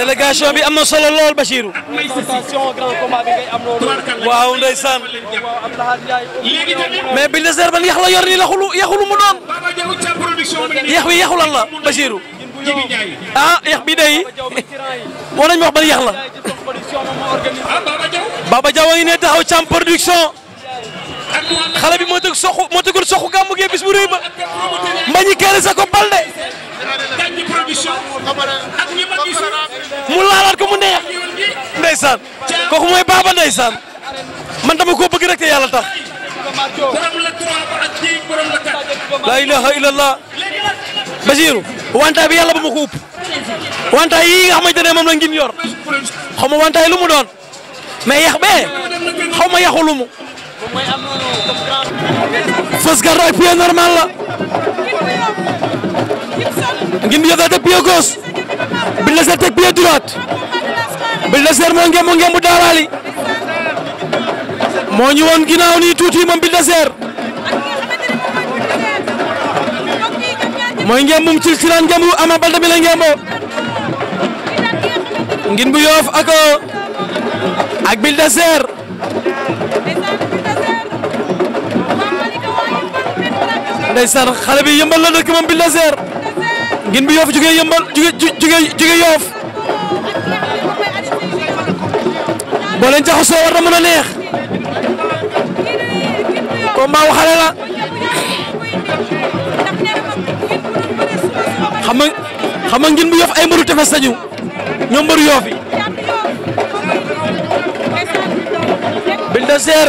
délégation bi am na solo lool Bachirou. waaw ndeysaan. mais bi deser ban yax la yor ni yaxulu yaxulu mu doon. yax wi yaxu lan la Bachirou. ah yax bi day war nañu wax ban yax la. Ah, Baba Diaw a ngi ne taxaw cam production. xale bi moo tëgg soxu moo tëggul soxu gàmmu gee bis bu rëy ba. mbañi keere sa ko balde. gàncax production ak ñi ma gis mu laalaat ko mu neex. ndeysaan kooku mooy Baba ndeysaan man dama koo bëgg rek yàlla tax. borom la trois ba ak kii bi yàlla ba ma ko upp wantaay yii nga xamante ne moom la ngin yor xaw ma wantaay lu mu doon mais yax bee ma yaxu lu mu fas garde ak pied normal la ngim yóbbee teg pied gauche Buldozer teg pied droite Buldozer moo ngemb ngemb bu daalaali moo ñu woon ginnaaw nii tuuti moom Buldozer mooy ngembum ci siran ngembu Ama Baldé bi la ngembo ngin bu yoof ak ak Buldozer ndeysaan xale bi yëmbal la dëkk moom Buldozer ngin bi yoof jugee yëmbal jugee jugee jugee yoof boo leen jaxasoo war na mën a neex combat wu xale la xam ngin bu yoof ay mbaru tefes sañu ñoom mbaru yoof yi Buldozer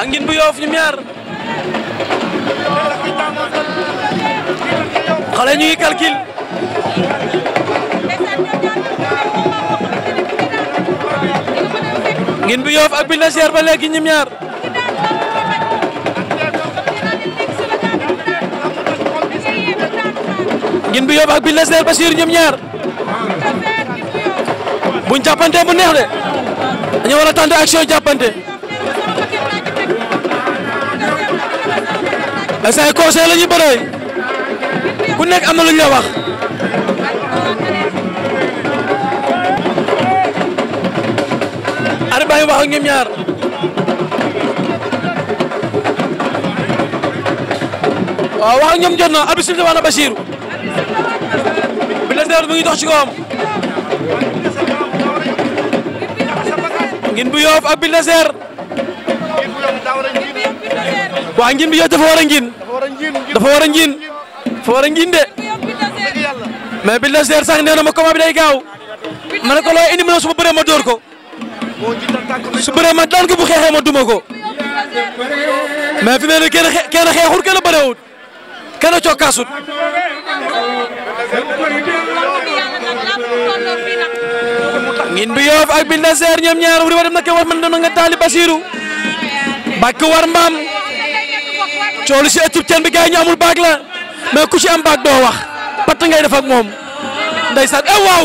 ak ngin bu yoof ñu ñaar xale ñuy calcul ngin bi yoof ak bi na ba léegi ñim ñaar ngin bi yoof ak bi na ba siir ñim ñaar buñ jàppante bu neex de dañu war a tànn action jàppante ay conseil la ñu bëree nekk am na la wax. Ada baa ngi wax ak ñoom ñaar. wax ak ñoom jot na arbitre sifflé na Bachir. Buldozer mu ngi dox ci kawam. ngin bu yoof ak Buldozer. waa ngin bi yoof dafa war a ngin. dafa war a foora ngi inde mais Buldozer sax nee na ma combat bi day gaaw ma ne ko loo indi ma ne su ma bëree ko su bëree ma daan ko bu xeexee ma duma ko mais fi mu ne nii kenn xe kenn xeexul kenn Ngin bi Yoff ak Buldozer ñoom ñaar wuri wa dem na kenn war man dem nga taali Basiru bakk war mbaam coolu si ëttub teen bi gaay amul baag la. mais ku ci am baag doo wax patt ngay def ak moom ndeysaan eh waaw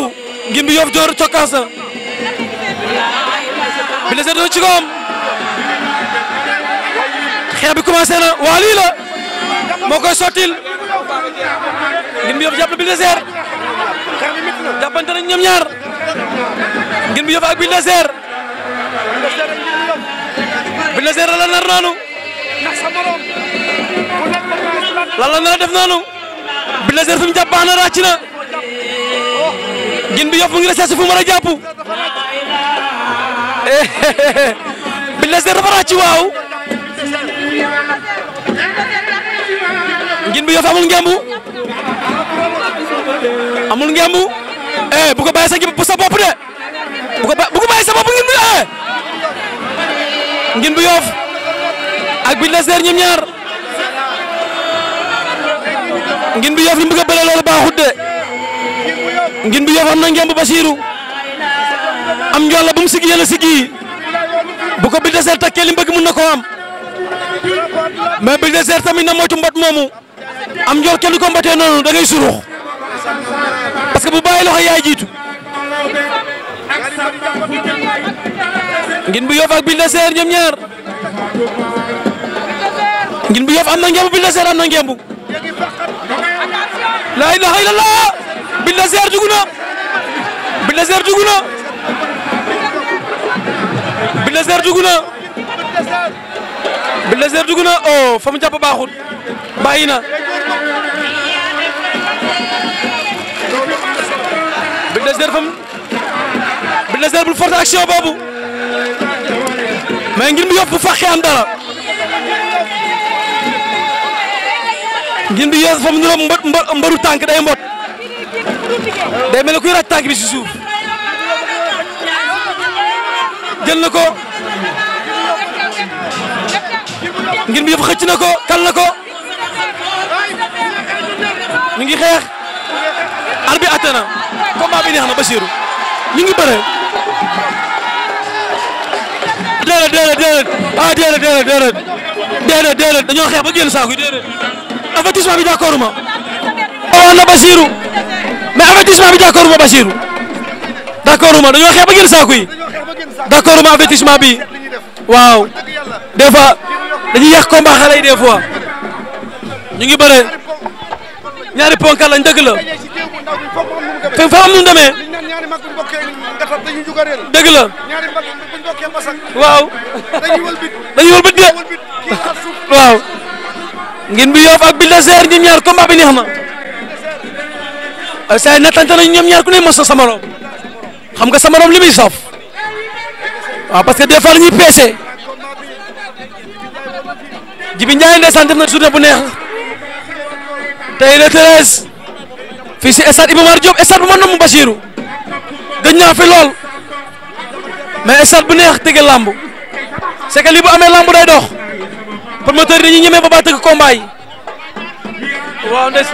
ngir bi Yoff Dior cokkaas na Buldozer doo ci koom xeex bi commencé na waa moo koy sottil ngir bi Yoff jàpp na Buldozer jàppante nañ ñoom ñaar ngir bi Yoff ak Buldozer Buldozer la nar noonu lan la nar def noonu Buldozer fi mu jàpp baax na ràcc na Guine bi Yoff mu ngi recherche fu mu mën a jàpp Buldozer dafa ràcc waaw Guine bi Yoff amul ngembu amul ngembu eh bu ko bàyyi sa bu sa bopp de bu ko bu ko bàyyi sa bopp eh. bi eh Guine bi Yoff ak Buldozer ñoom ñaar. ngin bu yof li mu bëgg a ngin bu yof am na ngemb am njool la bu mu sigg yéen a sigg bu ko bi deseer takkee li mu bëgg mun na koo am mais bi deseer tamit na moytu mbot moomu am njool kenn ko mbatee noonu da ngay surux parce que bu bàyyi loxo yaay jiitu ngin bu yof ak bi deseer ñaar ngin bu yof am na ngemb bi deseer am na ngemb. laa ilaha illallah Buldozer dugg na Buldozer dugg na Buldozer dugg na Buldozer dugg na oh fa mu jàpp baaxul bàyyi na Buldozer fa mu Buldozer bul forte action boobu mais ngir mu yóbbu fa xeexam dara. ngin bi yeesu fa mu niroog mbë tànk day mbot day mel ne kuy raj bi si suuf jël na ko ngin bi yëpp xëcc na ko kal na ko ñu ngi xeex ar bi atte na combat bi na Basiru ñu ngi bëre déedéet déedéet déedéet ah déedéet déedéet déedéet dañoo xeex ba génn saako déedéet avertissement bi ma. Oh, bi d'accord ma Basirou d'accord ma dañoo xeex ba génn yi d'accord ma avertissement bi waaw des fois dañuy yàq combat xale yi des fois ñu ngi bëre ñaari ponkal lañ dëgg la te fa am waaw. ngin bu yoof ak Bulldozer ñoom ñaar combat bi neex na ay saa nattante nañ ñoom ñaar ku ne mos a sama morom xam nga sama morom li muy saf waaw parce que des fois dañuy peese Jibi Ndiaye ndeysaan def na journée bu neex tey le treize fii si stade Iba Mar Diop stade bu mën na mu Bachirou gëj lool mais stade bu neex tege làmb c'est que li bu amee lamb day dox. promoteur yi ñu ñemee Papa tëgg combat yi waaw ndes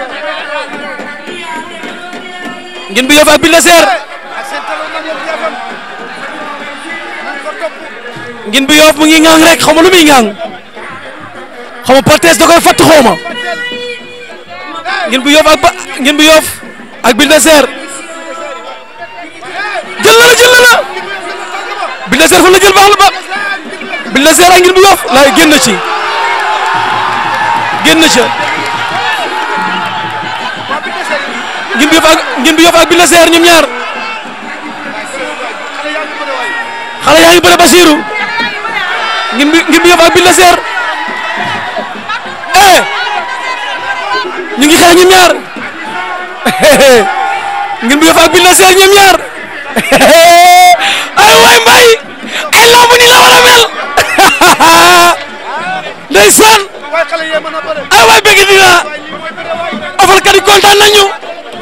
ngeen bu yof ak Bulldozer ngeen bu yof mu ngi ŋang rek xaw lu muy ŋang xaw ma Pathé da fatt xaw ma bu yof ak ba ngeen bu yof ak la jël na la Bulldozer ak ngeen bu yof la génn ci génn ca ngin bi yof seer ñoom ñaar xale yaa ngi bëre Basiru ngin bi ngin bi yof seer eh ñu ngi xeex ñaar ngin bi yof ak bi seer ñoom ñaar ay waay mbay ay lamb ni la war a ay waay bëgg dinaa afalkat yi kontaan nañu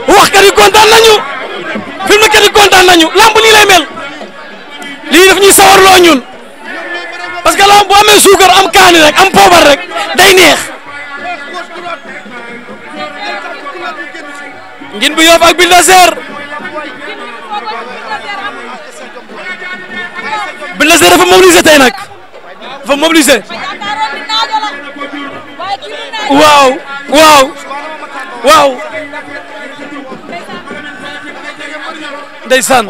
waxkat yi kontaan nañu filmkat yi kontaan nañu lamb nii mel lii daf ñuy sawarloo ñun parce que lamb bu amee suukar am kaani rek am poobar rek day neex ngin bu yoof ak bulldozer bulldozer dafa mobiliser tey nag dafa mobiliser waaw waaw waaw ndeysaan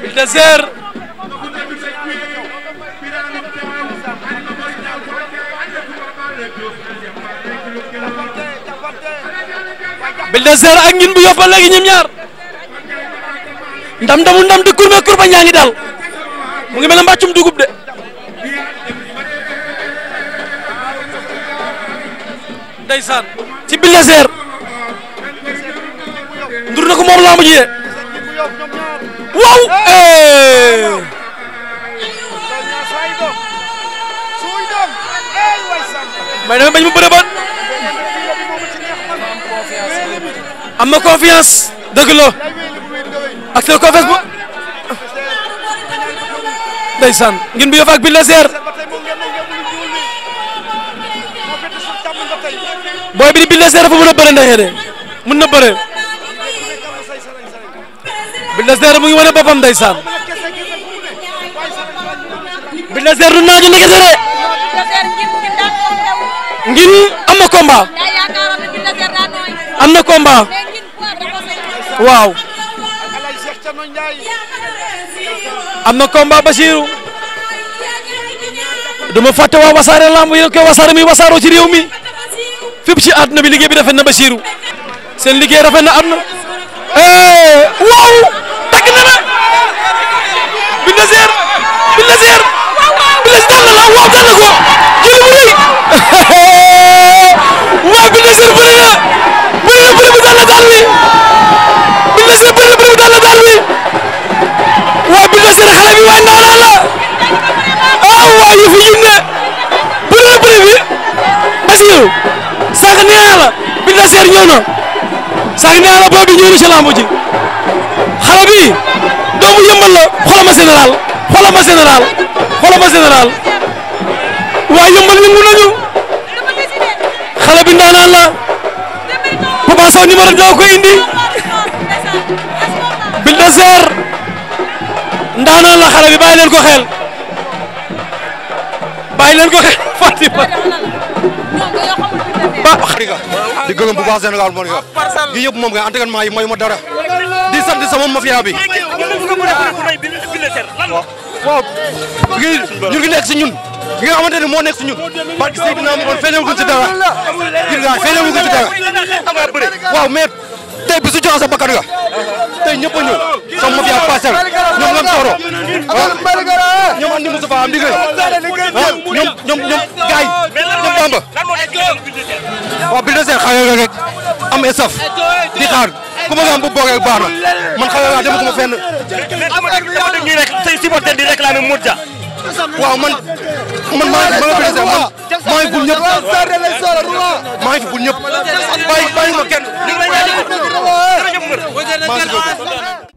Buldozer Buldozer ak ngin bu yóbbal léegi ñoom ñaar ndam ndamu ndam di kurme kurba ñaa ngi daal mu ngi mel ne mbàccum dugub de ndeysaan ci Bulldozer ndur na ko moom lamb ji de waaw eh. may dama bañ mu bëre ban am na confiance dëgg la ak seen confiance bu ndeysaan ngin bi yof ak Bulldozer booy bi di Buldozer dafa mën a bëre ndaxee de mën na bëre mu ngi wane boppam ndeysaan Buldozer du naaju nekk sa de ngir am na combat am na combat waaw am na combat Basiru du waa wasaare lamb yéen koy wasaare muy wasaaroo ci réew mi. fépp ci àdduna bi liggéey bi rafet na Basiru seen liggéey rafet na am na eh, waaw tagg na la bi laser bi laser bi laser tànn la waaw tànn ko jëli bu rëy waaw bi laser bëri na bëri na bëri bu daan na bëri waaye ndaanaan la ah waaw Bine de Serre ñëw na sànq nee naa la booy bi ji xale doomu yëmbal la xoolal ma général xoolal ma général xoolal ma général waaye yëmbal la Papa Sow numéro doo ko indi Bine de Serre la xale bi bàyyi ko xel bàyyi leen ko xel Fatima. Malika di gërëm bu baax Général Malika gi yëpp moom nga entraînement yi mayu ma dara di sant sama mafia bi waaw gi ñu ngi nekk si ñun gi nga xamante ne moo nekk si ñun parce que Seydina Mohamed feeñewuñ ci dara gir nga feeñewuñ ci dara waaw mais tey bisu joxe sa bakkan nga tey ñëpp a ñëw sama a parcelle ñoom ngam tooro ñoom andi Moussa Fall am di ngay ñoom ñoom ñoom gaay ñoom Bamba waaw bi desee rek am estaf di xaar ku nga am bu boogee man xale rek tey supporter di réclamer man man maa ngi maa ngi bàyyi bàyyi ma kenn.